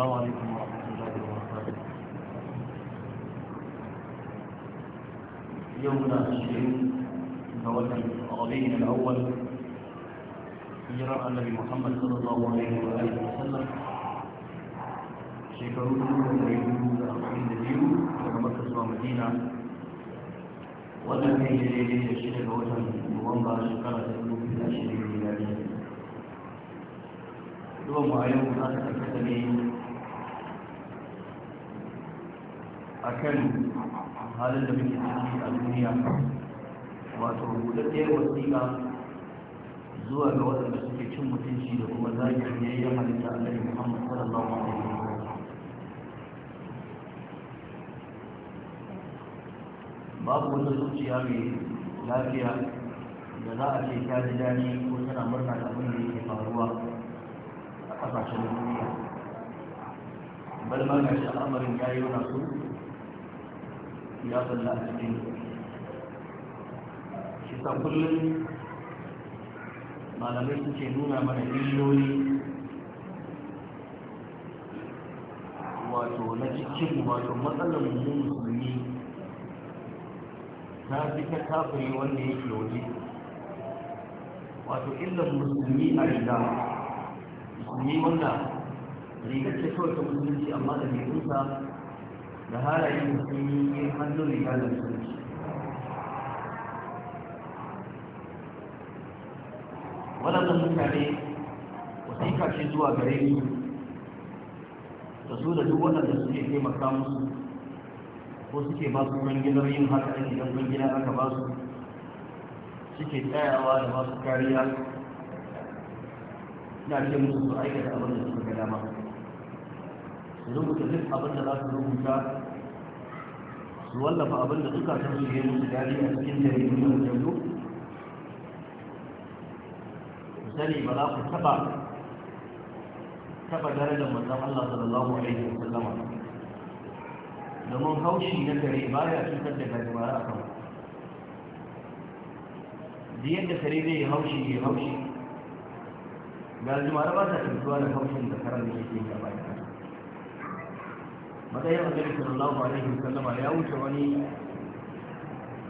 السلام عليكم ورحمة الله وبركاته يومنا الشريف نوجه الغبي الأول جراء النبي محمد صلى الله عليه وآله وسلم شكرونا وليدونا الأخوين نبيه ورمكة سوى مدينة ولا في جليل الشيخ الوطن مغمبا شكرا تقلو في الأشياء الميلادية دوما أيوم هذا الكتابين akan halin da muke ciki a duniya wato buɗaɗɗiyar wasiƙa zuwa ga waɗanda suke cin mutunci da kuma zagin ya yi halitta annabi muhammad sallallahu alaihi wa babu wata zuciya mai lafiya da za a ce ta ji daɗi ko tana murna da abin da yake faruwa a ƙasashen duniya bal ma ga shi al'amarin ya yi wani su ya salla a cikin shi sa kullum malamai suke nuna mana illoli wato na cikin wato matsalar mu musulmi ta fi ta kafiri wanda yake waje wato illar musulmi a riga musulmi wanda rigar ta kawai ta musulunci amma da rigunsa da halayen musulmi hannun riga da musulunci waɗannan mutane wasiƙa ce zuwa gare ni da su da duk waɗanda suke taimaka musu ko suke ba su kwangilar yin haka ɗin idan kwangila aka ba su suke tsayawa da masu kariya na ce musu su aikata abin da suka ga dama su rubuta duk abin da za su rubuta wallafa abin da suka san su yi musu dadi a cikin jaridun da jallu ku sani ba za ku taba taba darajar mazan Allah sallallahu alaihi wa sallam domin haushi na ba ya cutar da ba a kama. da yadda kare zai haushi ya haushi gajimara ba ta cutuwa da haushin da karar da ke gaba da matsayin annabi sallallahu alaihi wasallam ya wuce wani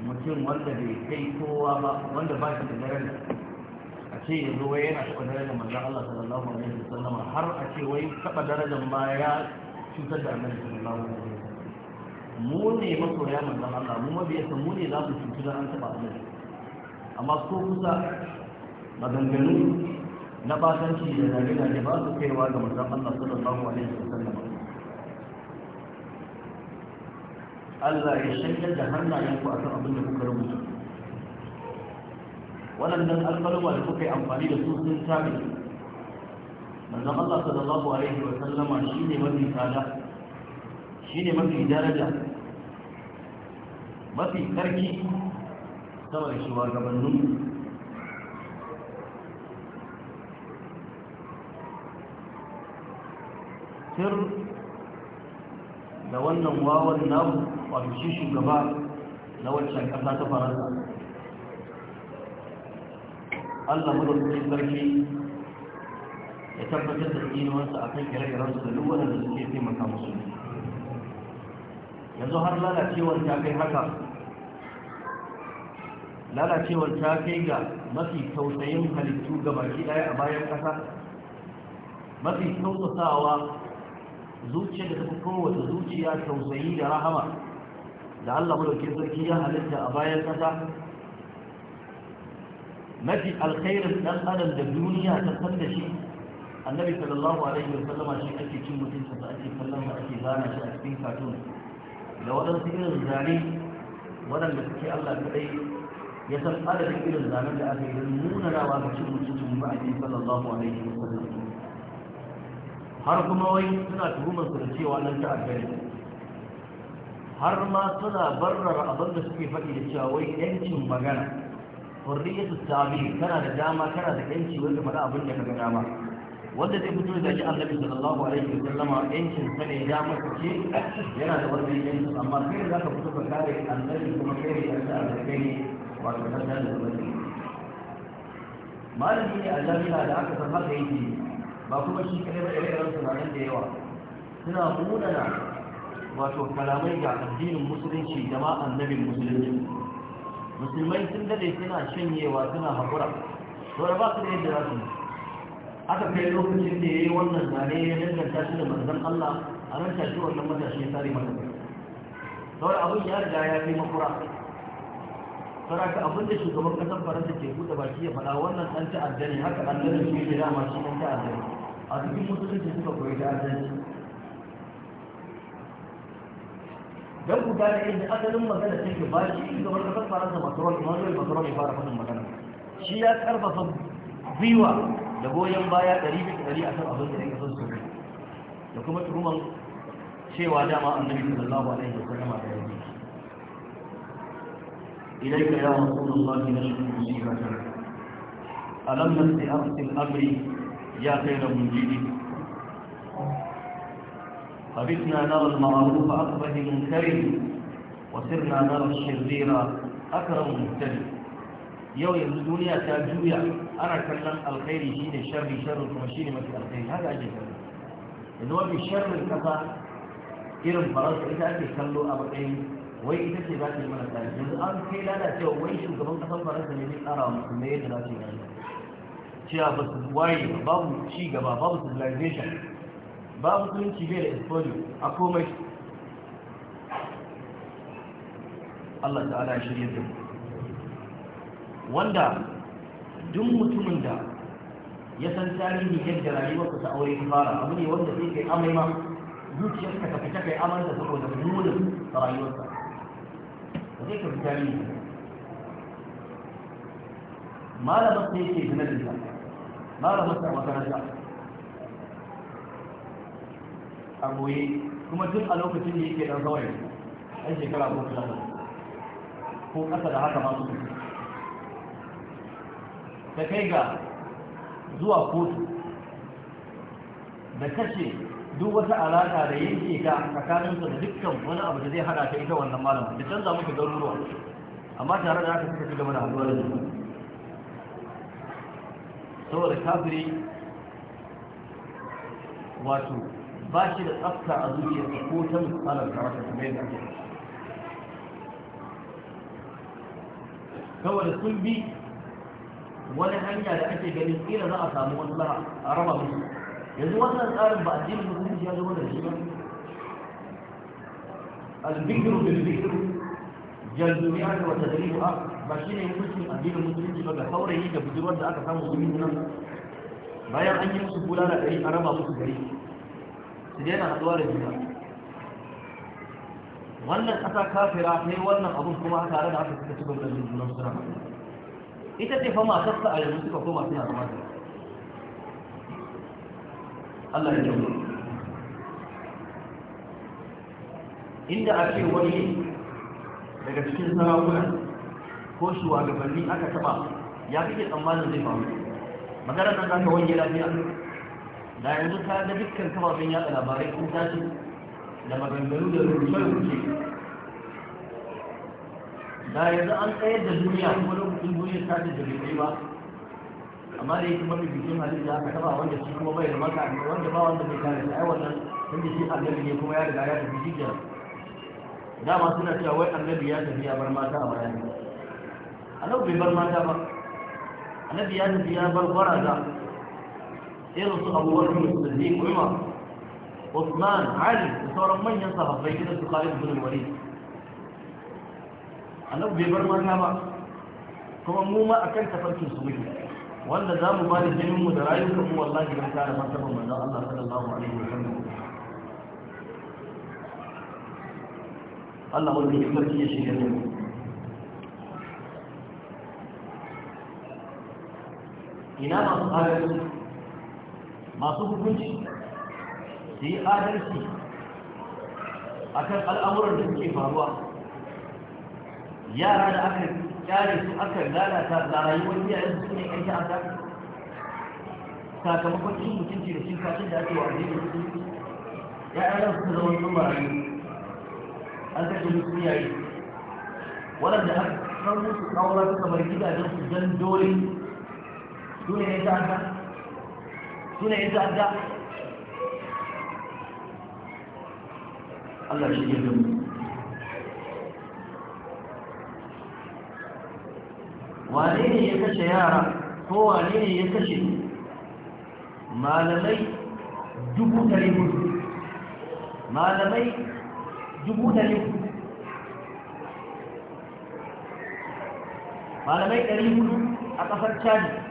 mutum wanda bai kai kowa ba wanda ba shi da daren a ce ya zo wai yana taɓa darajar manzon Allah sallallahu alaihi wasallam har a ce wai taɓa darajar ma ya cutar da annabi sallallahu alaihi wasallam mu ne masoya manzon Allah mu mabiyarsa mu ne za mu cutu da an taɓa annabi amma so kusa maganganu na batanci da zage-zage ba su kaiwa ga manzon Allah sallallahu alaihi wasallam Allah ya shanyar da hannayenku a kan abin da kuka rubuta waɗannan alƙalma da kuka yi amfani da su sun tabi manzon Allah sallallahu alaihi wa sallama ne mafi tsada ne mafi daraja mafi karki saboda gabanin sir da wannan wawan namu a shugaba na waccan ƙasa ta faransa allah madaukakin sarki ya tabbatar da tsinuwarsa a kan ire-irensu da lura da suke taimaka musu yanzu har lalacewar ta kai haka lalacewar ta kai ga mafi tausayin halittu ga baki ɗaya a bayan ƙasa mafi tausasawa zuciya da tafi kowace zuciya tausayi da rahama da Allah mulkin sarki ya halitta a bayan kasa mafi alkhairin dan adam da duniya ta san da shi annabi sallallahu alaihi wasallama shi ake cin mutum da ake kallon da ake zana shi a cikin katun da waɗansu irin zane waɗanda suke Allah kaɗai ya san adadin irin zanen da aka yi don nuna rawa ga cin mutuncin ma'aikin sallallahu alaihi wasallam har kuma wai suna tuhumar su da cewa nan ta ne har ma suna barrar abin da suke faɗi da cewa wai yancin magana hurriyatu tabi kana da dama kana da yanci wanda faɗa abin da kaga dama wanda zai fito da shi annabi sallallahu alaihi wa sallama yancin sa ne dama ce yana da wani yanci amma kai za ka fito ka kare annabi kuma kai ne kanka a kai ne wato kanka da wani malami ne a jami'a da aka san haka yake ba kuma shi kadai da irin iren tunanin da yawa suna munana wato kalamai ga addinin musulunci da ma annabin musulunci musulmai sun dade suna shanyewa suna haƙura to ba su da yadda za su aka kai lokacin da ya yi wannan zane ya danganta shi da manzon Allah a nan shi wannan matashi ya tare mata to abin ya riga ya fi makura saraka abin da shugaban kasar faransa ke buɗe baki ya faɗa wannan ɗan ta'addani haka ɗan ɗan shi ne dama shi ɗan ta'addani a cikin musulunci suka koyi ta'addanci don ku gane inda asalin magana take ba shi ga wani kasar faransa masarar emmanuel masarar ya fara fadin magana shi ya karfafa gwiwa da goyon baya ɗari bisa ɗari a kan abin da ya kasar su da kuma turuman cewa dama annabi sallallahu alaihi wasallam da yake ilaika ya rasulullahi nashku musibatan alam nasti arsil amri يا خير منجدك فبتنا نرى المعروف من منكره وسرنا نرى الشرير أكرم مهتد يو يا الدنيا تاجويا أنا كلم الخير شين الشر شر الكمشين ما في الخير هذا أجل إنه في الشر الكفا كرم فرنسا إذا أتي كلو أبقين وإذا أتي باتي من الثالث أن كي لا لا تيو ويشو كبن كفا فرص من الأرام كمير لا تيو cewa ba su waye babu ci gaba babu civilization babu musulunci bai da exposure a komai Allah ta'ala shirye da wanda duk mutumin da ya san tarihi yadda rayuwarsa ta aure ta fara abu ne wanda zai kai amai ma ka tafi ta fita kai amanta saboda nunin rayuwarsa ba zai ka fi tarihi malamar sai ke zina da mara masa makaranta a goye kuma duk a lokacin da yake dan zawai ɗan shekara ko kula ko ƙasa da haka masu kusa ta kai ga zuwa kotu da kashe duk wata alaƙa da yanke ka tsakaninsa da dukkan wani abu da zai hada ta ita wannan malama da canza muku garuruwa amma tare da haka suka ci gaba da haɗuwa da jikin تصور كابري واتو باشر أفتع أدوية تقوتا من قلب جارك تبين أجل كوال الصلبي ولا حاجة على أجل جميل إلا لا أسامه ولا أرمى منه يجب أن أرمى بأجل المدينة جاء لهم الجمع البكر بالبكر جلدوا يعني وتدريب أخر ba shi ne hukuncin addinin musulunci ba ga saurayi da budurwar da aka samu wurin nan bayan an yi musu bulala ɗari a raba musu gari su daina haɗuwa da juna wannan ƙasa kafira ta yi wannan abin kuma haka da aka suka ci gaba da juna suna ita ce fa matarsa a yanzu suka koma suna zama da Allah ya jawo inda a ce wani daga cikin sarakuna ko shugabanni aka taba ya kake tsammanin zai faru magana ta zaka wange lafiya da yanzu ta ga dukkan kafafen da labarai kun tashi da maganganu da rubuce-rubuce da yanzu an tsayar da duniya kuma lokacin duniya ta ce da bai ba amma da yake mafi bikin halin da aka taba wanda shi kuma bai da maka wanda ba wanda bai kare da ai wannan sun shi annabi ne kuma ya riga ya tafi jijiyar dama suna cewa wai annabi ya tafi ya bar mata a bayan annabi bai bar mata ba annabi ya tafi ya bar gwaraza irin su abubuwar musulmi umar usman ali da sauran manyan sahabbai gidan su khalid bin walid annabi bai bar mata ba kuma mu ma akan tafarkin su muke wanda za mu da jinin mu da rayuwar mu wallahi don kare martaban manzon Allah sallallahu alaihi wa sallam Allah wanda ya ya shirya da mu ina masu adalci masu hukunci su yi adalci a kan al'amuran da suke faruwa yara da aka kyare su aka lalata da rayuwar iyayen su ne yan ta'adda sakamakon cin mutunci da cin kashin da ake wa da su ya'yan su zama sun barayi an kashe musu iyaye waɗanda aka kawo su kawo kamar gidajen su don dole su ne yan ta'adda su ne yan ta'adda Allah shi ke zama wane ne ya kashe yara ko wane ne ya kashe malamai dubu ɗari hudu malamai dubu ɗari hudu malamai ɗari hudu a ƙasar chadi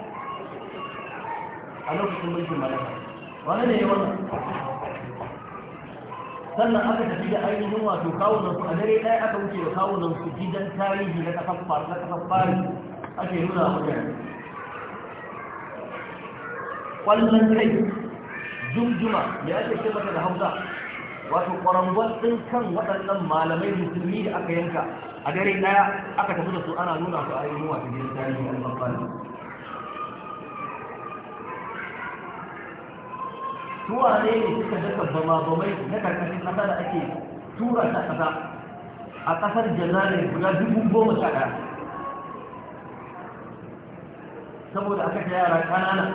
a lokacin mulkin malaka wani ne yawan sannan aka tafi da ainihin wato kawunan su a dare ɗaya aka wuce da kawunan su gidan tarihi na kasar na kasar fari ake nuna a mutane ƙwallon kai jumjuma da ake ce mata da hausa wato ƙwarangon ɗin kan waɗannan malamai musulmi da aka yanka a dare ɗaya aka tafi da su ana nuna su a ainihin wato gidan tarihi na kasar fari suwa ne ne suka daka bama bamai na karkashin kasa da ake tura ta kasa a kasar jannarin guda dubu goma sha ɗaya saboda aka ta yara kanana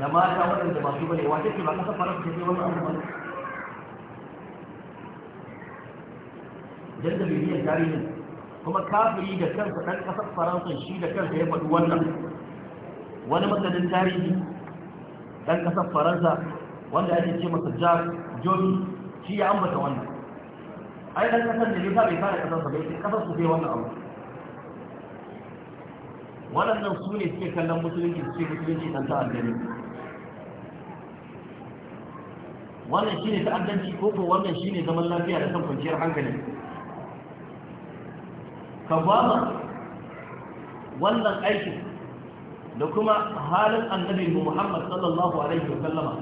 da mata waɗanda ba bane wace ce ba kasar faransa ce wani abubuwan bane jadda bibiyar tarihin kuma kafiri da kansa ɗan ƙasar faransa shi da kansa ya faɗi wannan wani matsalin tarihi ɗan ƙasar faransa wanda ake ce masa jar joni shi ya ambata wannan ai dan kasar da yusa bai fara kasar sa bai ce kasar su bai wannan abu waɗannan su ne suke kallon musulunci suke musulunci dan ta'addani wannan shine ta'addanci ko ko wannan shine zaman lafiya da kan kwanciyar hankali ka ba wannan aikin da kuma halin annabi Muhammad sallallahu alaihi wa sallama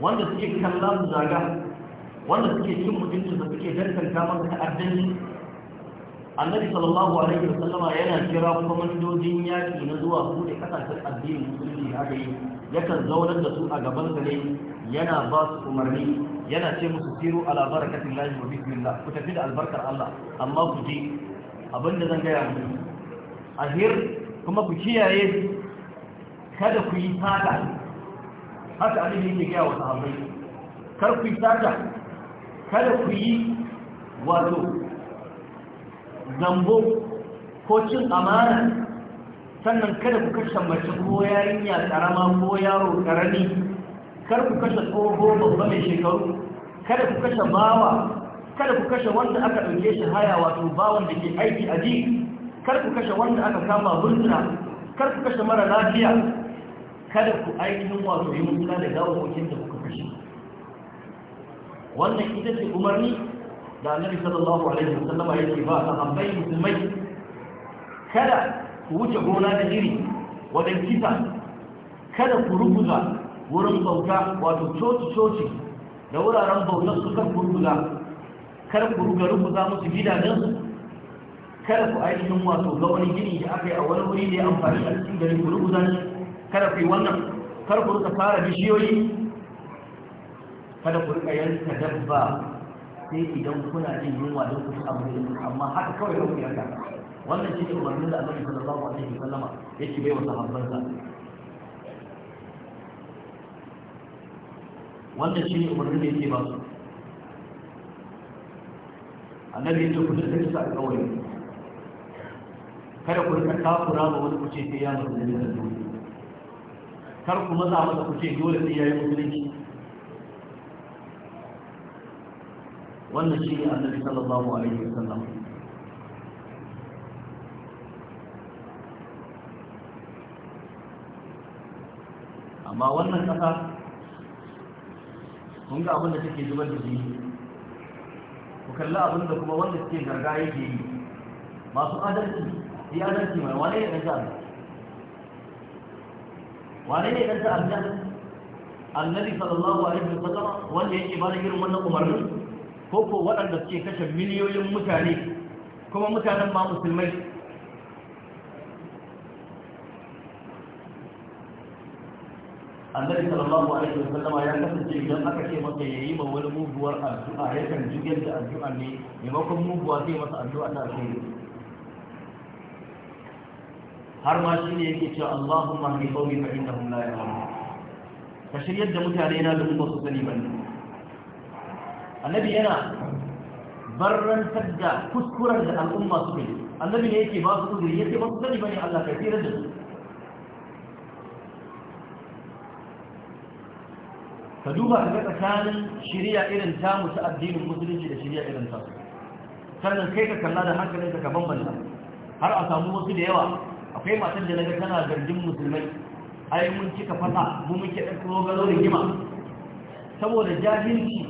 wanda suke kalla zaga wanda suke cin mutunci da suke darkanta masa ta'addani annabi sallallahu alaihi wa sallama yana kira kwamandojin yaƙi na zuwa da kasashen addinin musulmi haka yi yakan zaunar da su a gaban gare yana ba su umarni yana ce musu siru ala barakatin lahi wa bismillah ku tafi da albarkar Allah amma ku ji da zan gaya muku ahir kuma ku kiyaye kada ku yi fata haka annabi yake gaya wa sahabbai kar ku sata kada ku yi wato zambo ko cin amana sannan kada ku kashe mace ko yarinya karama ko yaro karami kar ku kashe tsoho babba mai shekaru kada ku kashe bawa kada ku kashe wanda aka ɗauke shi haya wato bawan da ke aiki a ji kar ku kashe wanda aka kama burtuna kar ku kashe mara lafiya kada ku aikin wato yi mutuna da gawawakin da kuka kashe wannan ita ce umarni da annabi sallallahu alaihi wasallama yake ba a hambai musulmai kada ku wuce gona da iri wajen kisa kada ku rubuza wurin bauta wato coci-coci da wuraren bautar su kan rubuza kada ku ruga rubuza musu gidajensu kada ku aikin wato ga wani gini da aka yi a wani wuri da ya amfani a cikin gari ku rubuza shi kada ku yi wannan kada ku rika fara bishiyoyi kada ku rika yanka dabba sai idan kuna jin yunwa don ku ci abu da yanzu, amma haka kawai don ku yanka wannan shi ne umarnin da annabi sallallahu alaihi wasallam yake bai wa sahabbansa wannan shi ne umarnin da yake ba su annabi ya ce ku dinga kisa alƙawari kada ku rika kafura ma wani kuce sai ya mutu da dole kar ku maza masa ku ce dole sai yayi musulunci wannan shi ne annabi sallallahu alaihi wasallam amma wannan kasa kun ga abin da take zubar da jini ku kalli abin da kuma wanda suke garga yake yi masu adalci yi adalci mai wani ya ɗan wane ne ɗansa annabi annabi sallallahu alaihi sallam wanda yake ba da irin wannan umarnin ko ko waɗanda suke kashe miliyoyin mutane kuma mutanen ba musulmai annabi sallallahu alaihi sallam ya kasance idan aka ce masa yayi ma wani muguwar addu'a kan jigel da addu'a ne maimakon muguwa sai masa addu'a ta alheri har ma shi ne yake cewa Allahumma hadi qawmi fa innahum la ya'lamun ka shiryar da mutane na da ba su sani ba annabi yana barrantar da kuskuren da al'umma suka yi annabi ne yake ba su uzuri yake ba su sani bane Allah ka tsira da su ka duba ka ga tsakanin shirya irin tamu ta addinin musulunci da shirya irin ta sannan kai ka kalla da hankalinka ka bambanta har a samu wasu da yawa akwai matar da naga tana zargin musulmai ai mun cika fasa mu muke ɗan da gima saboda jahilci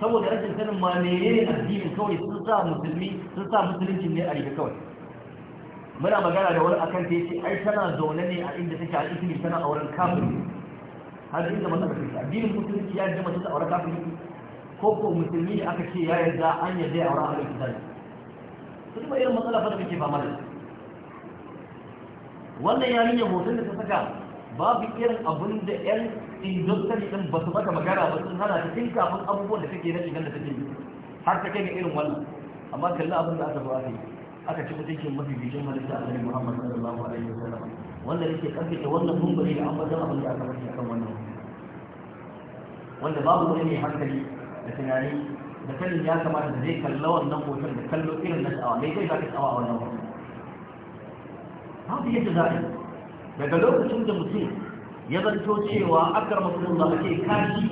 saboda rashin sanin ma menene addinin kawai sun sa musulmi sun sa musulunci ne a rike kawai muna magana da wani akan ta yace ai tana zaune ne a inda take a ismi tana auren kafiri har inda mata take addinin musulunci ya jima ta auren kafiri ko ko musulmi aka ce ya yarda an yarda ya aure ahlul kitab kuma irin matsala fa da kike fama da wannan yarinya hoton da ta saka babu irin abin da yan industry din ba su maka magana ba sun hana ta tun kafin abubuwan da take na shigar da take har ta kai ga irin wannan amma kalli abin da aka zo aka yi aka ci mutuncin mafi bikin halitta a cikin muhammad sallallahu alaihi wa wasallam wanda yake karfafa wannan mumbari da an bazan abin da aka a kan wannan wanda babu wani mai hankali da tunani da kanin ya kamata da zai kalla wannan hoton da kallo irin na sha'awa mai zai baka sha'awa wannan hoton babu yadda za a daga lokacin da mutum ya zarto cewa akar mutum da ake kashi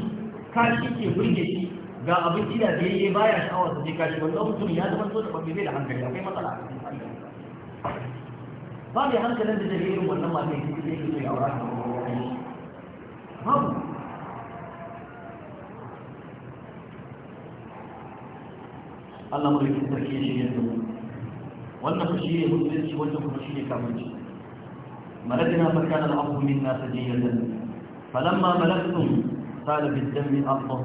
kashi ke burge shi ga abinci da biyayye baya sha'awar da je kashi wanda mutum ya zama so da bai da hankali akwai matsala a cikin hankali ba mai hankalin da zai irin wannan matan yake zai yi mai aura da babu Allah mulkin sarki shi yanzu wannan ku shine mutunci wannan kuma shine kafirci malakin ya fakka da abu min nasa ji yanda falamma malaktu sala bid dam afdhu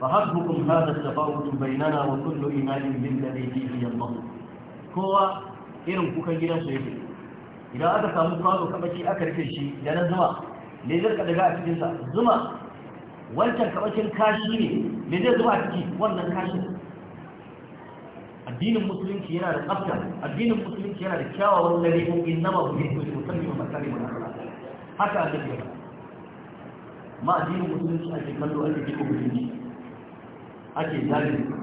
fa habbukum hada tafawut bainana wa kullu imanin bil ladhi fihi yallah kowa irin kuka gidan su yake idan aka samu kwado kaba aka rike shi da na zuma ne zai a cikin zuma wancan kaba kashi ne ne zai zuma a ciki wannan kashin addinin musulunci yana da tsafta addinin musulunci yana da kyawawan dabi'u innama bu yadda da musulmi ba kare mun haka a ya ma addinin musulunci ake kallo ake kiko musulunci ake zalimi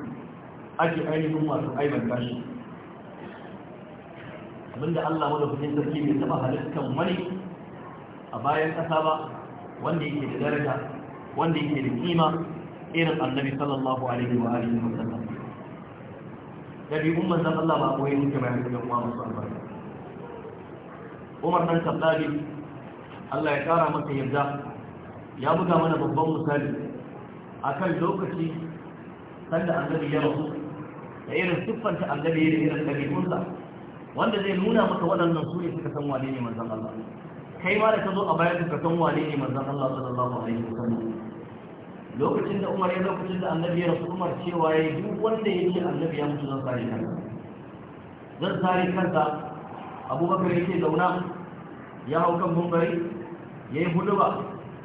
ake ainihin wato aiban bashi abinda Allah madaukakin sarki mai taba halittar wani a bayan kasa ba wanda yake da daraja wanda yake da kima irin annabi sallallahu alaihi wa alihi wa sallam ɗabi'un manzan Allah ba koyi muke bayan da kuma masu albarka Umar dan Khattabi Allah ya kara masa yarda ya buga mana babban misali akan lokaci sanda annabi ya rasu da irin siffanta annabi da irin ɗabi'unsa wanda zai nuna maka waɗannan su ne suka san wane ne manzan Allah kai ma da ka zo a bayan ka san wane ne manzan Allah sallallahu alaihi wasallam lokacin da umar ya fitar da annabi ya rasu umar cewa ya duk wanda ya ce annabi ya mutu zan sare kanta zan sare kanta abubakar ce zauna ya hau kan bambari ya yi huduba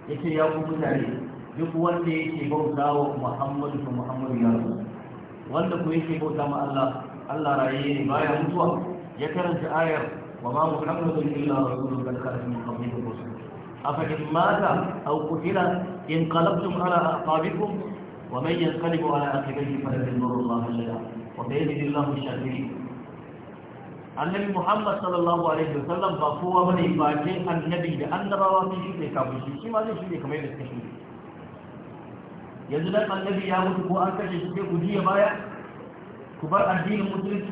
ya ce ya kuma mutane duk wanda ya ce bauta wa muhammadu ko muhammadu ya rasu wanda ku ce bauta ma allah allah raye ne baya mutuwa ya karanta ayar wa ma muhammadu illa rasulun kan karfin kamar da أفكت ماذا أو قتلا انقلبتم على أعقابكم ومن ينقلب على أخبه فلن يضر الله إلا وبيد الله الشاكرين أن محمد صلى الله عليه وسلم بقوة من إباجه النبي لأن رواتي شيء كابوسي شيء ما زي شيء كمين التشريف يزدق النبي يعود قوانك جسد قدية مايا كبر الدين المدرس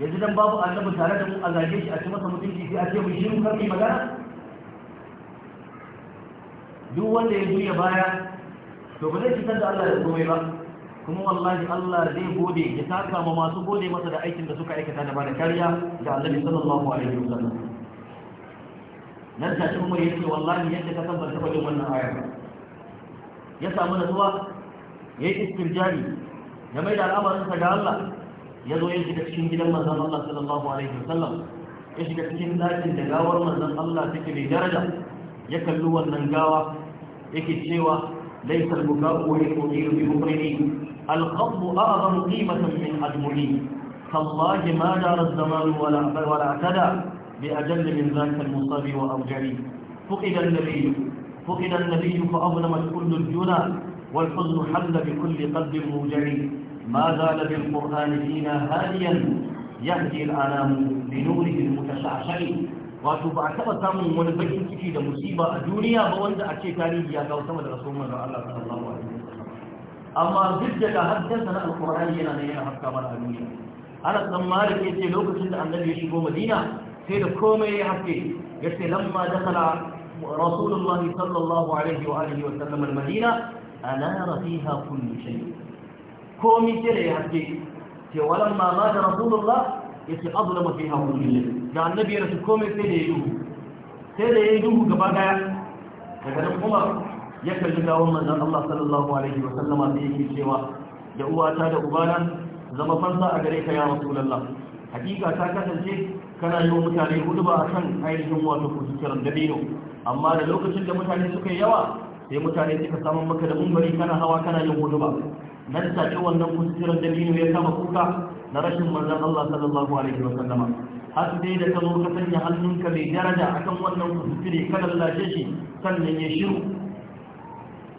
يزدق باب أنه مسارة أزاجيش أشمس مدين في أشياء مجين كرمي مدارة duk wanda ya juya baya to ba zai fitar da Allah da komai ba kuma wallahi Allah zai gode ya taka ma masu gode masa da aikin da suka aikata da ba da kariya ga Annabi sallallahu alaihi wasallam nan ta cikin mai yace wallahi yadda ka san ban taba jin wannan aya ya samu nutsuwa yi istirjari ya mai da al'amarin ga Allah ya zo ya shiga cikin gidan manzon Allah sallallahu alaihi wasallam ya shiga cikin dakin da gawar manzon Allah take mai daraja ya kalli wannan gawa yake cewa laysa al-muka'u li qudir bi muqrini al-qabd a'zamu qimatan min ajmuli tallahi ma dara az-zaman wala wala atada bi ajall min dhalika al-musabi wa awjari فقد النبي فقد النبي فأظلمت كل الجنى والحزن حل بكل قلب موجعي ما زال بالقرآن فينا هاديا يهدي الأنام بنوره المتشعشع wato ba a taba samun wani bakin ciki da musiba a duniya ba wanda a ce tarihi ya kawo sama da rasulun da Allah sallallahu alaihi amma duk da haddasa na alqur'ani yana nan yana haska mana a duniya Ana tsammanin ya ce lokacin da annabi ya shigo Madina sai da komai ya haske ya ce lamma dakala rasulullahi sallallahu alaihi wa alihi wa sallam al-Madina anara fiha kullu shay komai da ya haske ce walamma ma da rasulullah yace azlama fiha kullu shay da annabi ya rasu komai sai da ya duhu sai da ya duhu gaba daya daga nan kuma ya kalli gawon manzan Allah sallallahu alaihi wa sallama sai yake cewa da uwata da ubana zama fansa a gare ka ya rasulullah hakika ta kasance kana yi wa mutane hudu ba a akan ainihin wato kusurkiran dabino amma da lokacin da mutane suka yi yawa sai mutane suka samun maka da mumbari kana hawa kana yin hudu ba nan take wannan kusurkiran dabino ya kama kuka na rashin manzan Allah sallallahu alaihi wa sallama har dai da ka zo ka sanya hannunka mai daraja akan wannan kuskure ka lallace shi sannan ya shiru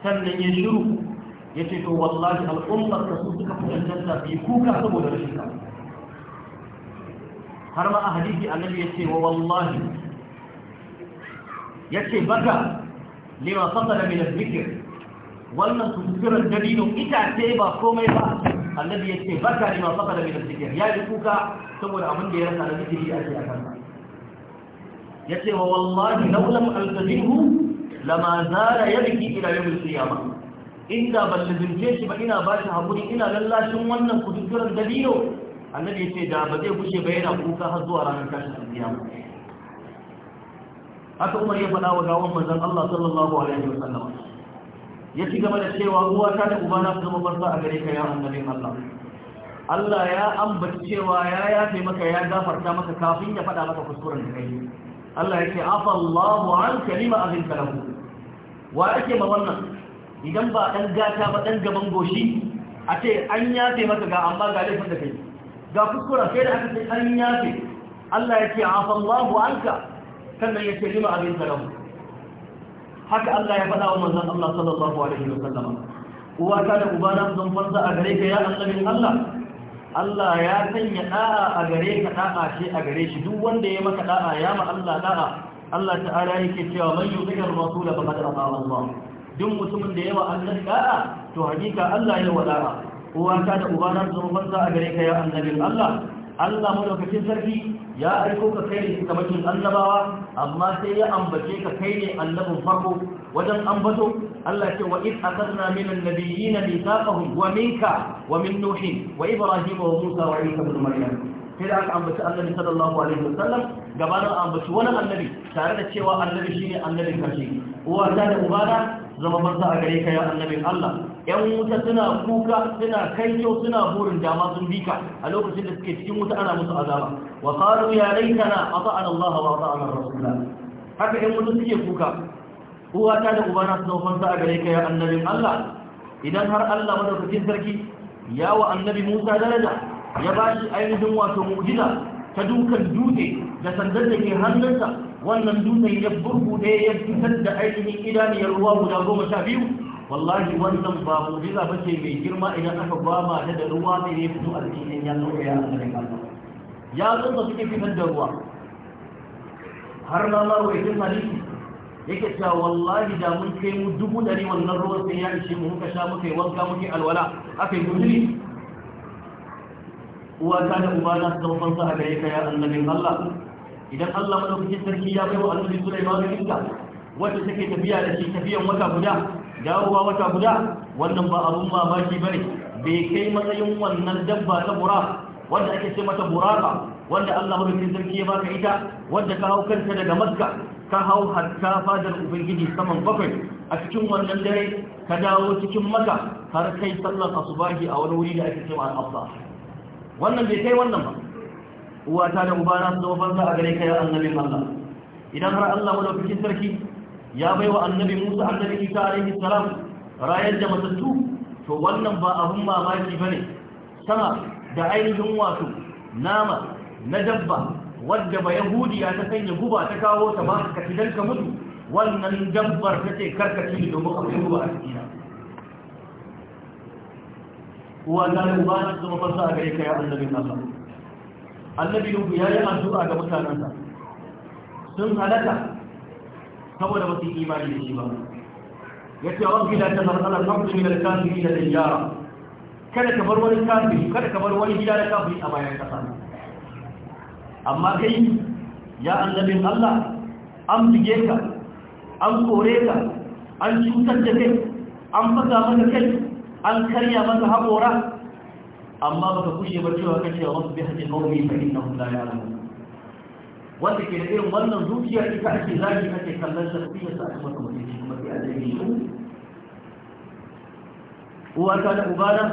sannan ya shiru ya ce to wallahi al'ummar ka su suka fuskantar da bi kuka saboda rashin ka har ma a hadisi annabi ya ce wa wallahi ya ce baka lima fasala min al-zikr wannan kuskuren dalilin itace ba komai ba annabi ya ce baka lima faka da mai zikir ya yi kuka saboda abin da ya rasa da zikiri a ce a kansa ya ce wa wallahi laulam altazihu lama zara ya biki ila yau mai siyama inda ban lizince shi ba ina ba shi ina lallashin wannan kudurturar dalilo annabi ya ce da ba zai gushe ba yana kuka har zuwa ranar tashin alkiyama haka umar ya faɗa wa gawan manzon Allah sallallahu alaihi wasallam ya ci gaba da cewa uwata da ubana su zama farsa a gare ka ya annabin Allah Allah ya ambaci cewa ya yafe maka ya gafarta maka kafin ya faɗa maka kuskuren da kai Allah ya ce afa Allahu an kalima abin kalahu wa ake ma wannan idan ba dan gata ba dan gaban goshi a ce an yafe maka ga amma ga laifin da kai ga kuskuren kai da aka ce an yafe Allah ya ce afa Allahu anka sannan ya ce lima abin kalahu haka Allah ya faɗa wa manzon Allah sallallahu alaihi wa sallama uwa ka da uba na zan farza a gare ka ya annabin Allah Allah ya sanya da'a a gare ka da'a ce a gare shi duk wanda ya maka da'a ya ma Allah da'a Allah ta'ala yake cewa man yuzikar rasul faqad ata Allah duk mutumin da yawa Allah da'a to hakika Allah ya wada'a uwa ka da uba na zan farza a gare ka ya annabin Allah Allah madaukakin sarki ya aiko ka kai ne kamakin annabawa amma sai ya ambace ka kai ne annabin farko wajen ambato Allah ce wa id akadna min annabiyina mithaqahum wa minka wa min nuhin wa ibrahim wa musa wa isa ibn maryam sai da aka ambaci annabi sallallahu alaihi wasallam gabanin ambaci wani annabi tare da cewa annabi shine annabin karshe uwa ta da ubana zama barta a gare ka ya annabin Allah yan wuta suna kuka suna kyau, suna burin dama sun ka. a lokacin da suke cikin wuta ana musu azaba wa qalu ya laitana ata'ana Allah wa ata'ana rasula haka yan wuta suke kuka ta da ubana su daufan sa a gare ka ya annabi Allah idan har Allah madaukakin sarki ya wa annabi Musa daraja ya ba shi ainihin wato mu'jiza ta dukan dutse da sandar da ke hannunsa wannan dutsen ya burbuɗe ya fitar da ainihin idaniyar ruwa guda goma sha biyu wallahi wannan ba mu'jiza bace mai girma idan aka ba ma ta da ruwa ne ya fito a ya yan lokaci ya annabi Allah ya zan da suke fitar da ruwa har na ma wai hadisi yake cewa wallahi da mun kai mu dubu dari wannan ruwan sai ya ishe mu muka sha muka yi wanka muke alwala aka yi guduri uwa ta da uba na zama fansa a gare ka ya annabin Allah idan Allah madaukakin sarki ya kai wa annabi Sulaiman iska wacce take tafiya da shi tafiyan wata guda dawowa wata guda wannan ba abun mamaki bane bai kai matsayin wannan dabba ta bura wanda ake ce mata buraka wanda Allah madaukakin sarki ya baka ita wanda ka hau kanta daga Makka ka hau hatta fadar ubangiji saman bakwai a cikin wannan dare ka dawo cikin maka har kai sallar asubahi a wani wuri da ake ce al-afsa wannan bai kai wannan ba ta da ubana su zama fansa a gare ka ya annabin Allah idan har Allah madaukakin sarki ya bai wa annabi Musa annabi Isa alaihi salam rayar da matattu to wannan ba abun mamaki bane sama da ainihin wato nama na dabba wadda ba yahudiya ta sanya guba ta kawo ta ba ka fidan ka mutu wannan dabbar ta ce karkace ni domin akwai guba a cikina uwa ta da uba na zama fasa a gare ka ya annabi Allah annabi Nuhu ya yi addu'a ga mutanensa sun halaka saboda ba su yi imani da shi ba ya ce gida ta tazar ala al-ardi min gida da yara kada ka bar wani kafiri kada ka bar wani gida da kafiri a bayan kasa amma kai ya annabin Allah an buge ka an kore ka an cutar da kai an faga maka kai an karya maka haƙora amma baka kushe ba cewa kace rabbi hadin qawmi fa innahum la ya'lamun wanda ke da irin wannan zuciya ita ake zagi ake kallon sa kuma sa ake masa mutunci kuma sai a zai yi uwa ta da ubana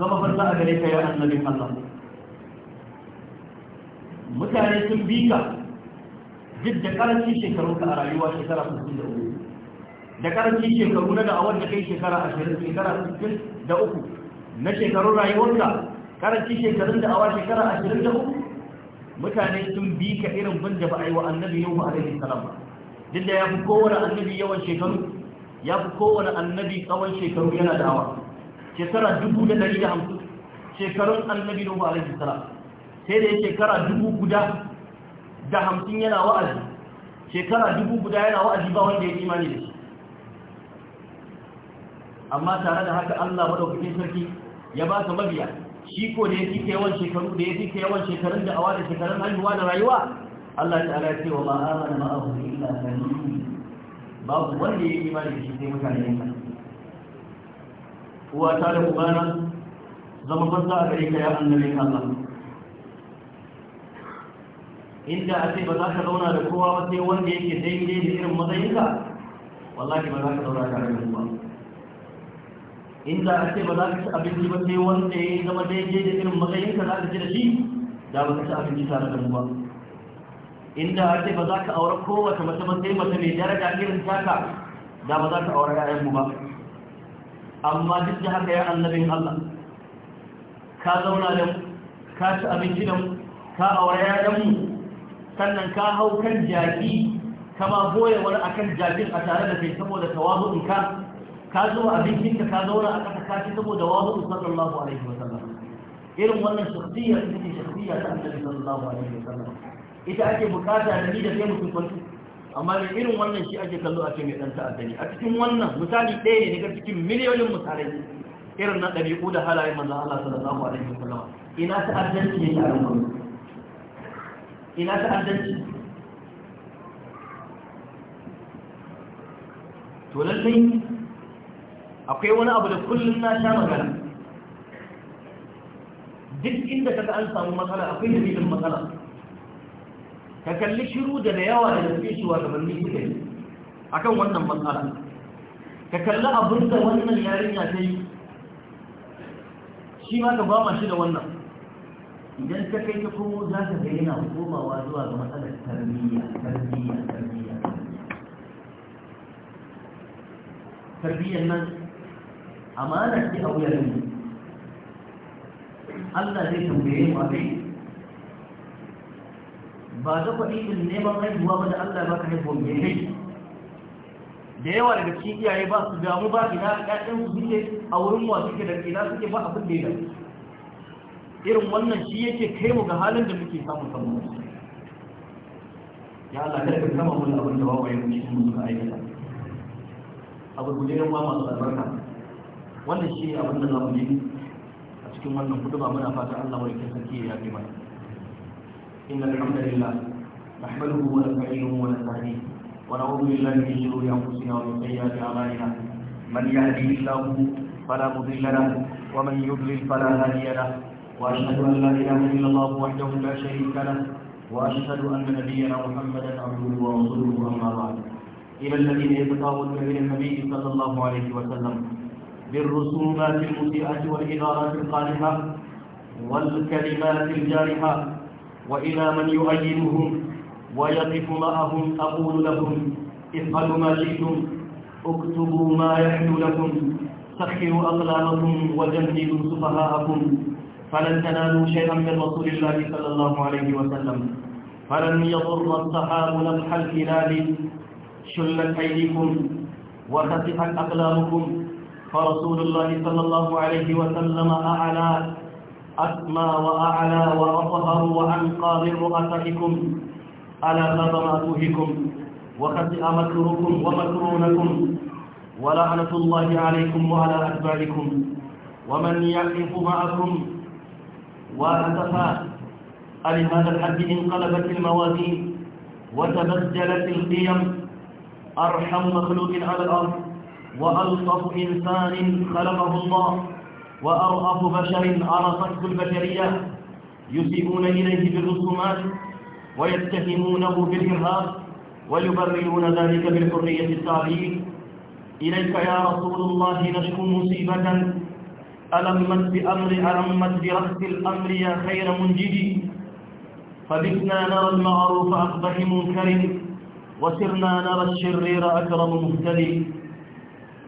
zama farka a gare ka ya annabi Allah mutane sun bi ka duk da karancin shekaru ka a rayuwa shekara 63 da karancin shekaru na da da'awar da kai shekara 20 shekara 63 na shekarun rayuwarka karanci shekarun da da'awa shekara 23 mutane sun bi ka irin ban da ba a yi wa annabi yau ba alaihi salam ba duk da ya fi kowane annabi yawan shekaru ya fi kowane annabi tsawon shekaru yana dawa shekara dubu da dari da hamsin shekarun annabi nuhu alaihi salam sai da ya shekara dubu guda da hamsin yana wa'azi shekara dubu guda yana wa'azi ba wanda ya imani da shi amma tare da haka Allah madaukakin sarki ya ba ka mabiya shi ko da ya fi yawan shekaru da ya fi yawan shekarun da awa da shekarun haihuwa da rayuwa Allah ta ala ce wa ma amana ma abu illa kalili babu wanda ya yi imani da shi sai mutane yanka uwa ta da ubana zama banza a gare ka ya annabi Allah inda a ce ba za ka zauna da kowa ba sai wanda yake daidai da irin matsayinka wallahi ba za ka zauna tare da kowa in za a ce ba za ka ci abinci ba sai wanda ya zama daidai da irin matsayinka za ka ci da shi da ba ka ci abinci tare da mu ba inda a ce ba za ka aure kowace mace ba sai mace mai daraja irin taka da ba za ka aure ƴaƴan mu ba amma duk da haka ya annabin Allah ka zauna da mu ka ci abinci da mu ka aure ƴaƴan mu sannan ka hau kan jaki kama goyewar akan jakin a tare da kai saboda tawazu'in ka ka zo abincin ka ka zauna a ƙasa kashi saboda wazo sallallahu alaihi wa sallam irin wannan shakhsiyya ita ce shakhsiyya ta annabi sallallahu alaihi wa sallam ita ake bukata da ni da kai mutum kwanci amma da irin wannan shi ake kallo a ce mai dan ta'addani a cikin wannan misali ɗaya ne daga cikin miliyoyin misalai irin na ɗabi'u da halayen manzon Allah sallallahu alaihi wa sallam ina ta'addanci yake a rubutu ina ta'addanci to lallai akwai wani abu da kullum na sha magana duk inda kaga an samu matsala akwai dalilin matsala ka kalli shiru da da yawa da suke shi wa gabanin suke akan wannan matsala ka kalli abin da wannan yarinya ta yi shi ma ka ba ma shi da wannan idan ka kai ka komo za ka ga yana komawa zuwa ga matsalar tarbiyya tarbiyya tarbiyya tarbiyyar nan amana ce a wuyan mu Allah zai tambaye mu abin ba da kuɗi din neman haihuwa ba da Allah ba ka haihuwa mai rai da yawa daga cikin iyaye ba su damu ba ina ƴaƴan su suke a wurin wa suke da ina suke ba abin da ya irin wannan shi yake kai mu ga halin da muke samu samu ya Allah kada ka kama mu abin da ba wa yau cikin mu suka aikata abu gurguje masu albarka wannan shi abin da za mu yi a cikin wannan ba muna fata Allah wai kai sarki ya bi mana inna alhamdulillah nahmaduhu wa nasta'inuhu wa nasta'in wa na'udhu billahi min shururi anfusina wa min sayyiati a'malina man yahdihillahu fala mudilla lahu wa man yudlil fala hadiya lahu wa ashhadu an la ilaha illallah wahdahu la sharika lahu وأشهد أن نبينا محمدا عبده ورسوله أما بعد إلى الذين يتقاوت به النبي صلى الله عليه وسلم بالرسومات المسيئة والإدارات القادمة والكلمات الجارحة وإلى من يؤيدهم ويقف معهم أقول لهم افعلوا ما شئتم اكتبوا ما يحلو لكم سخروا أقلامكم وجندوا سفهاءكم فلن تنالوا شيئا من رسول الله صلى الله عليه وسلم فلن يضر الصحاب نبح الهلال شلت أيديكم وخسفت أقلامكم فرسول الله صلى الله عليه وسلم أعلى أسمى وأعلى وأطهر وأنقى من رؤسائكم ألا خاب مأتوهكم وخسئ مكركم ومكرونكم ولعنة الله عليكم وعلى أتباعكم ومن يقف معكم وأتفى ألهذا الحد انقلبت الموازين وتبدلت القيم أرحم مخلوق على الأرض وألطف إنسان خلقه الله وأرأف بشر على أرصته البشرية يسيئون إليه بالرسومات ويتهمونه بالإرهاب ويبررون ذلك بالحرية التعبير إليك يا رسول الله نشكو مصيبة ألمت بأمر ألمت برأس الأمر يا خير منجدي فبتنا نرى المعروف أقبح منكر وسرنا نرى الشرير أكرم مهتدي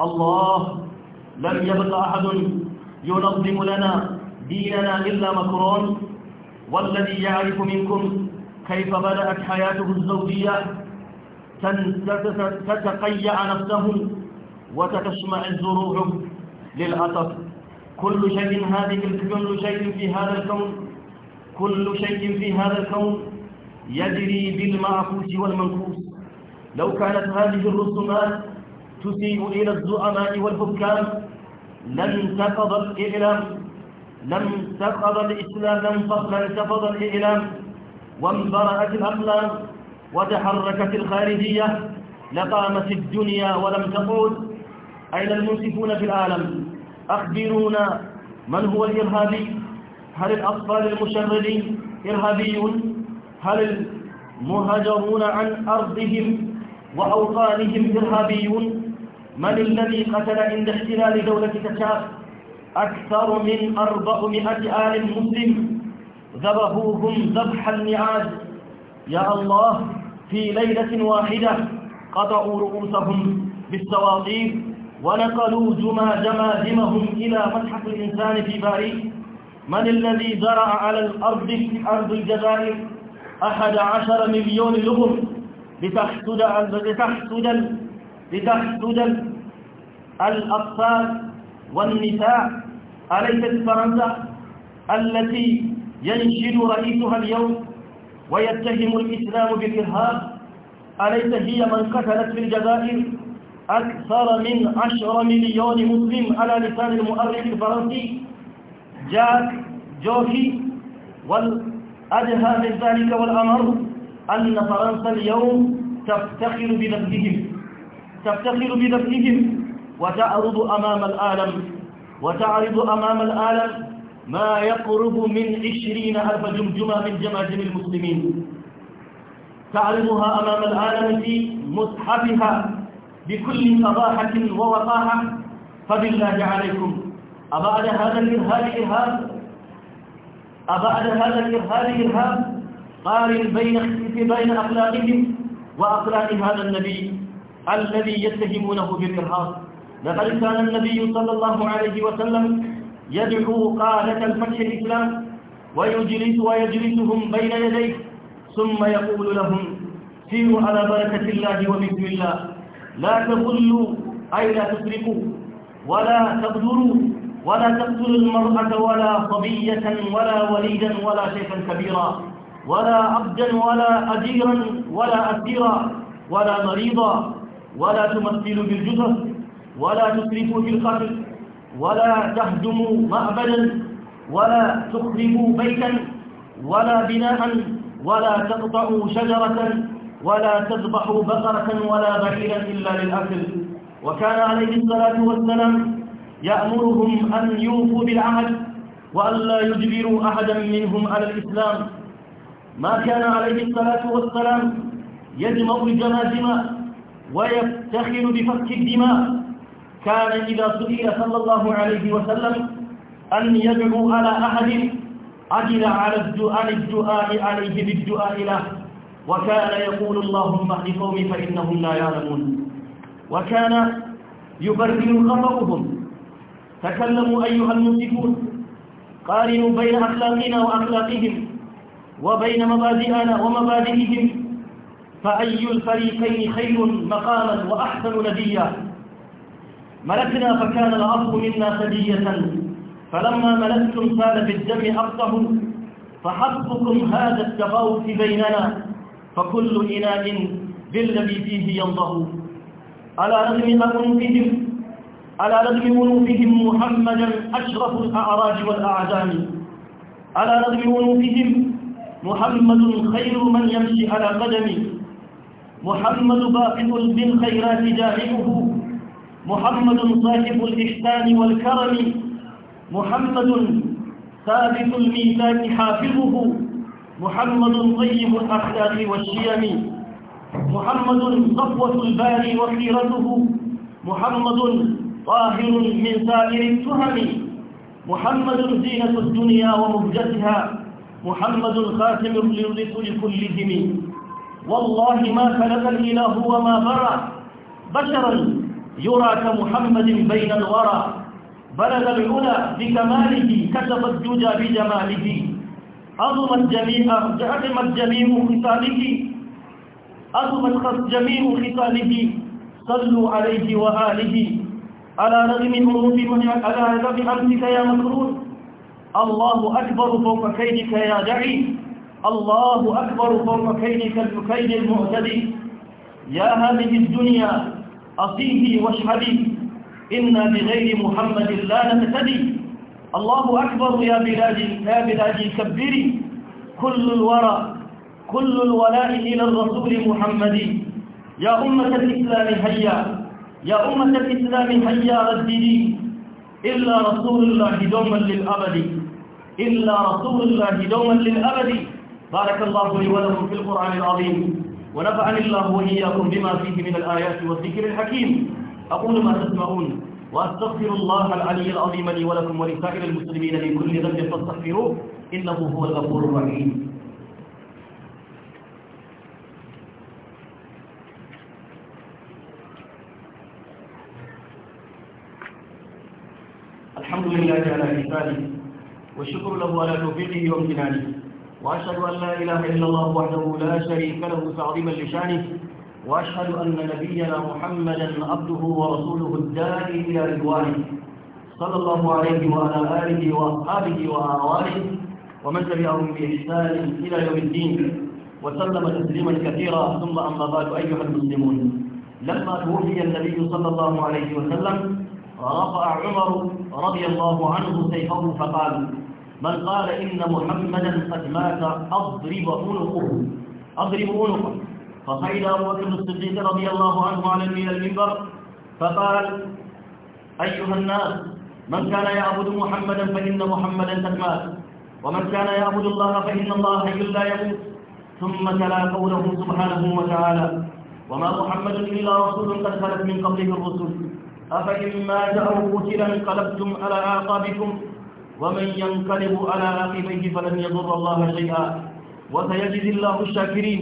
الله لم يبق أحد ينظم لنا ديننا إلا مكرون والذي يعرف منكم كيف بدأت حياته الزوجية تتقيع نفسه وتتشمع الزروع للأسف كل شيء هذه كل شيء في هذا الكون كل شيء في هذا الكون يجري بالمعكوس والمنكوس لو كانت هذه الرسومات تسيء إلى الزعماء والحكام لم تفض الإعلام لم تفض الإسلام لم تفض الإعلام وانبرأت الأقلام وتحركت الخارجية لقامت الدنيا ولم تقود أين المنسفون في العالم أخبرونا من هو الإرهابي هل الأطفال المشردين إرهابيون هل المهاجرون عن أرضهم وأوطانهم إرهابيون من الذي قتل عند احتلال دولة تتار أكثر من أربعمائة آل مسلم ذبحوهم ذبح المعاد يا الله في ليلة واحدة قطعوا رؤوسهم بالسواطير ونقلوا جما جماجمهم إلى متحف الإنسان في باريس من الذي زرع على الأرض في أرض الجزائر أحد عشر مليون لغم لتحسد لتحدد الأطفال والنساء أليست فرنسا التي ينشد رئيسها اليوم ويتهم الإسلام بالإرهاب أليس هي من قتلت في الجزائر أكثر من عشر مليون مسلم على لسان المؤرخ الفرنسي جاك جوكي والأدهى من ذلك والأمر أن فرنسا اليوم تفتخر بنفسهم تفتخر بذبحهم وتعرض أمام العالم وتعرض أمام العالم ما يقرب من عشرين ألف جمجمة من جماجم المسلمين تعرضها أمام العالم في مصحفها بكل صباحة ووقاحة فبالله عليكم أبعد هذا الإرهاب إرهاب أبعد هذا الإرهاب إرهاب قارن بين بين أخلاقهم وأخلاق هذا النبي الذي يتهمونه بالإرهاب لقد كان النبي صلى الله عليه وسلم يدعو قادة الفتح الإسلام ويجلس ويجلسهم بين يديه ثم يقول لهم سيروا على بركة الله وبسم الله لا تغلوا أي لا تسرقوا ولا تبذروا ولا تقتلوا المرأة ولا صبية ولا وليدا ولا شيخا كبيرا ولا عبدا ولا أجيرا ولا أسيرا ولا مريضا ولا تمثلوا بالجثث ولا تسرفوا في القتل ولا تهدموا معبدا ولا تخربوا بيتا ولا بناء ولا تقطعوا شجرة ولا تذبحوا بقرة ولا بعيرا إلا للأكل وكان عليه الصلاة والسلام يأمرهم أن يوفوا بالعهد وأن لا يجبروا أحدا منهم على الإسلام ما كان عليه الصلاة والسلام يجمع الجماجم ويفتخر بفك الدماء كان إذا سئل صلى الله عليه وسلم أن يدعو على أحد عجل على الدعاء عليه بالدعاء له وكان يقول اللهم اهد قومي فإنهم لا يعلمون وكان يبرر خطأهم تكلموا أيها المسلمون قارنوا بين أخلاقنا وأخلاقهم وبين مبادئنا ومبادئهم فأي الفريقين خير مقاما وأحسن نبيا ملكنا فكان العفو منا ثدية فلما ملكتم سال بالدم أبطه فحقكم هذا التفاوت بيننا فكل إناء بالذي فيه ينضه على رغم أنوفهم على رغم أنوفهم محمدا أشرف الأعراج والأعدام على رغم أنوفهم محمد خير من يمشي على قدمي محمد باقي خيرات جاهله محمد صاحب الإحسان والكرم محمد ثابت الميزان حافظه محمد طيب الأخلاق والشيم محمد صفوة الباري وخيرته محمد طاهر من سائر التهم محمد زينة الدنيا ومهجتها محمد خاتم كل كلهم والله ما خلق الإله وما برى بشرا يرى كمحمد بين الورى بلغ العلا بكماله كتب الدجى بجماله عظمت جميع عظمت جميع خصاله عظمت جميع خصاله صلوا عليه وآله على رغم حروف على رغم أمسك يا مكرون الله أكبر فوق كيدك يا دعي الله أكبر فوق كيدك الكيد المعتدي يا هذه الدنيا أصيه واشهدي إنا بغير محمد لا نهتدي الله أكبر يا بلادي يا بلادي كبري كل الورى كل الولاء إلى الرسول محمد يا أمة الإسلام هيا يا أمة الإسلام هيا رددي إلا رسول الله دوما للأبد إلا رسول الله دوما للأبد بارك الله لي ولكم في القرآن العظيم ونفعني الله وإياكم بما فيه من الآيات والذكر الحكيم أقول ما تسمعون وأستغفر الله العلي العظيم لي ولكم ولسائر المسلمين من كل ذنب فاستغفروه إنه هو الغفور الرحيم الحمد لله على إحسانه والشكر له على توفيقه وامتنانه وأشهد أن لا إله إلا الله وحده لا شريك له تعظيما لشانه وأشهد أن نبينا محمدا عبده ورسوله الداعي إلى رضوانه صلى الله عليه وعلى آله وأصحابه وأعوانه ومن تبعهم بإحسان إلى يوم الدين وسلم تسليما كثيرا ثم أما بعد أيها المسلمون لما توفي النبي صلى الله عليه وسلم رفع عمر رضي الله عنه سيفه فقال من قال إن محمدا قد مات أضرب عنقه أضرب عنقه فصعد أبو بكر الصديق رضي الله عنه على المنبر فقال أيها الناس من كان يعبد محمدا فإن محمدا قد مات ومن كان يعبد الله فإن الله حي لا يموت ثم تلا قوله سبحانه وتعالى وما محمد إلا رسول قد خلت من قبله الرسل أفإن مات أو قتل انقلبتم على أعقابكم ومن ينقلب على عقبيه فلن يضر الله شيئا وسيجد الله الشاكرين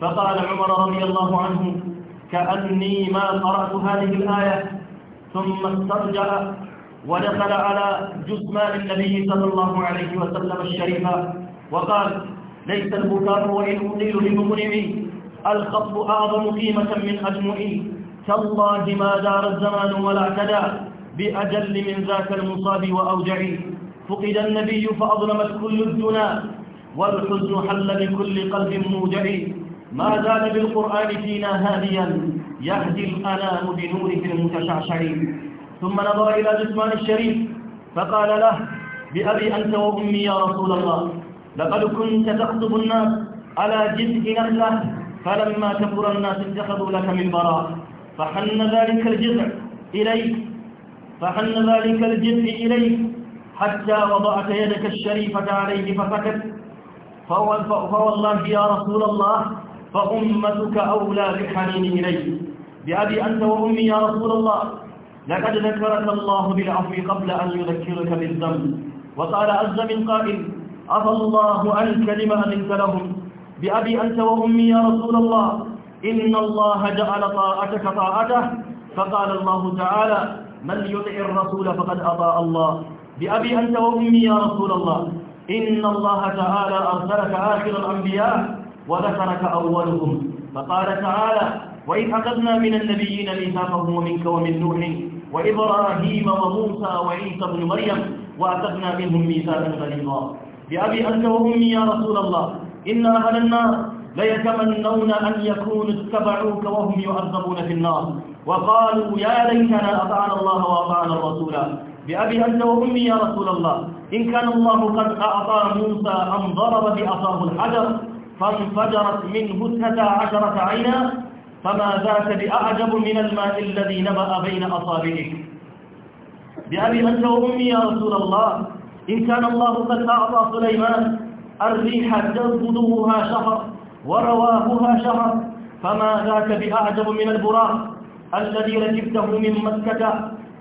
فقال عمر رضي الله عنه كأني ما قرأت هذه الآية ثم استرجع ودخل على جثمان النبي صلى الله عليه وسلم الشريفة وقال ليس البكاء وإن أطيل لمؤلمي الخطب أعظم قيمة من أجمعي تالله ما دار الزمان ولا اعتدى بأجل من ذاك المصاب وأوجعي فقد النبي فأظلمت كل الدنا والحزن حل بكل قلب موجع ما زال بالقرآن فينا هاديا يهدي الأنام بنوره المتشعشع ثم نظر إلى جسمان الشريف فقال له بأبي أنت وأمي يا رسول الله لقد كنت تخطب الناس على جزء نخلة فلما كفر الناس اتخذوا لك من براء فحن ذلك الجزء إليك فحن ذلك الجزء إليك حتى وضعت يدك الشريفة عليه فسكت فوالله يا رسول الله فأمتك أولى بالحنين إليه بأبي أنت وأمي يا رسول الله لقد ذكرك الله بالعفو قبل أن يذكرك بالذنب وقال عز من قائل أفى الله عنك لما أذنت لهم بأبي أنت وأمي يا رسول الله إن الله جعل طاعتك طاعته فقال الله تعالى من يطع الرسول فقد أطاع الله بأبي أنت وأمي يا رسول الله إن الله تعالى أرسلك آخر الأنبياء وذكرك أولهم فقال تعالى وإذ أخذنا من النبيين ميثاقهم ومنك ومن نوح وإبراهيم وموسى وعيسى بن مريم وأخذنا منهم ميثاقا غليظا بأبي أنت وأمي يا رسول الله إن أهل النار ليتمنون أن يكونوا اتبعوك وهم يعذبون في النار وقالوا يا ليتنا أطعنا الله وأطعنا الرسول بأبي أنت وأمي يا رسول الله إن كان الله قد أعطى موسى أن ضرب بأصاه الحجر فانفجرت منه اثنتا عشرة عينا فما ذاك بأعجب من الماء الذي نبأ بين أصابعك بأبي أنت وأمي يا رسول الله إن كان الله قد أعطى سليمان الريح تنفذوها شهر ورواهها شهر فما ذاك بأعجب من البراق الذي ركبته من مكة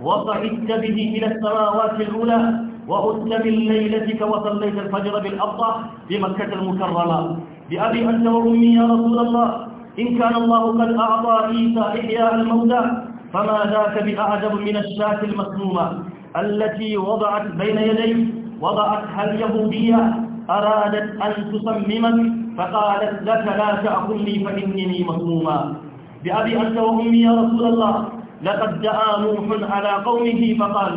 وصعدت به إلى السماوات الأولى وأت من ليلتك وصليت الفجر بالأبطى بمكة المكرمة بأبي أنت وأمي يا رسول الله إن كان الله قد أعطى عيسى إحياء الموتى فما ذاك بأعجب من الشاة المسمومة التي وضعت بين يديه وضعتها اليهودية أرادت أن تصممك فقالت لك لا تأكلني فإنني مسمومة بأبي أنت وأمي يا رسول الله لقد دعا نوح على قومه فقال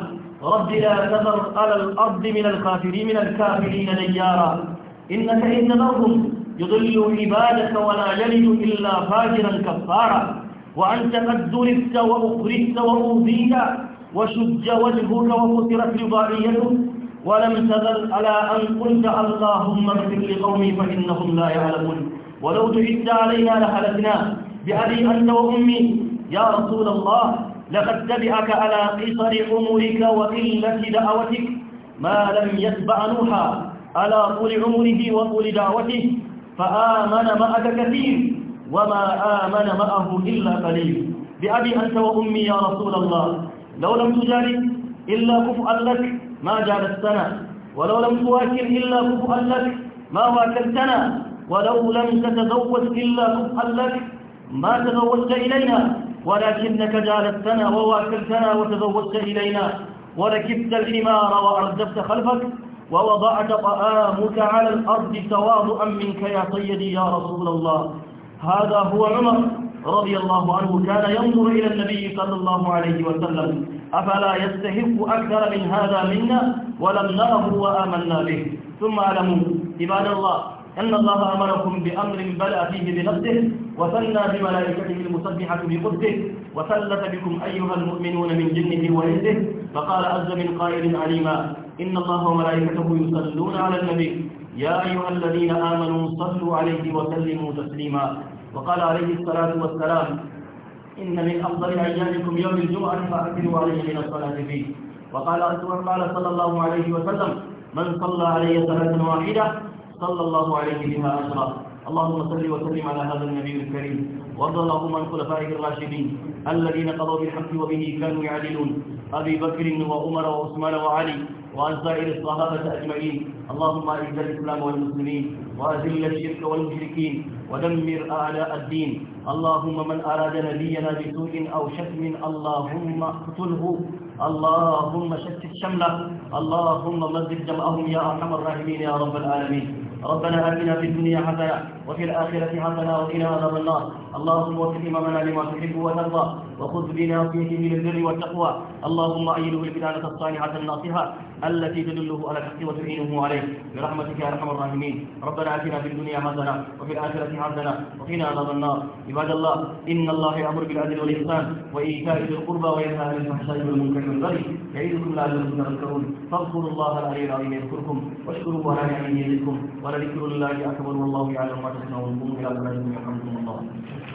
رب لا تذر على الأرض من الكافرين من الكافرين ديارا إنك إن ذرهم يضل عبادك ولا يلد إلا فاجرا كفارا وأنت قد ذرفت وأخرجت وأوذيت وشج وجهك وفترت رباعيتك ولم تذل على أن قلت اللهم اغفر لقومي فإنهم لا يعلمون ولو تعد علينا لهلكنا بأبي أنت وأمي يا رسول الله لقد تبعك على قصر عمرك وقلة دعوتك ما لم يتبع نوحا على طول عمره وطول دعوته فآمن معك كثير وما آمن معه إلا قليل بأبي أنت وأمي يا رسول الله لو لم تجالس إلا كفؤا لك ما جالستنا ولو لم تواكل إلا كفؤا لك ما واكلتنا ولو لم تتزوج إلا كفؤا لك ما تزوجت إلينا ولكنك جالستنا وواكلتنا وتزوجت إلينا وركبت الحمار وأردفت خلفك ووضعت طعامك على الأرض تواضعا منك يا سيدي يا رسول الله هذا هو عمر رضي الله عنه كان ينظر إلى النبي صلى الله عليه وسلم أفلا يستحق أكثر من هذا منا ولم نره وآمنا به ثم اعلموا عباد الله أن الله أمركم بأمر بلأ فيه بنفسه وصلى بملائكته المسبحة بقدسه وثلث بكم أيها المؤمنون من جنه وإنسه فقال عز من قائل عليما إن الله وملائكته يصلون على النبي يا أيها الذين آمنوا صلوا عليه وسلموا تسليما وقال عليه الصلاة والسلام إن من أفضل أيامكم يوم الجمعة فأكثروا عليه من الصلاة فيه وقال قال صلى الله عليه وسلم من صلى علي صلاة واحدة صلى الله عليه بها أجرا اللهم صل وسلم على هذا النبي الكريم وارض اللهم عن خلفائه الراشدين الذين قضوا بالحق وبه كانوا يعدلون أبي بكر وعمر وعثمان وعلي وعن سائر الصحابة أجمعين اللهم أعز الإسلام والمسلمين وأذل الشرك والمشركين ودمر أعداء الدين اللهم من أراد نبينا بسوء أو شتم اللهم اقتله اللهم شتت شمله اللهم مزق جمعهم يا أرحم الراحمين يا رب العالمين ربنا آتنا في الدنيا حسنة وفي الآخرة حسنة وقنا عذاب النار اللهم وفق إمامنا لما تحب وترضى وخذ بناصيته من البر والتقوى اللهم أيده البدانة الصانعة الناصحة التي تدله على الحق وتعينه عليه برحمتك يا أرحم الراحمين ربنا آتنا في الدنيا حسنة وفي الآخرة حسنة وقنا عذاب النار عباد الله إن الله يأمر بالعدل والإحسان وإيتاء ذي القربى وينهى عن الفحشاء والمنكر والبغي يعظكم لعلكم تذكرون فاذكروا الله العلي العظيم يذكركم واشكروه على نعمه يزدكم ولذكر الله أكبر والله يعلم ما تصنعون قوموا إلى صلاتكم يرحمكم الله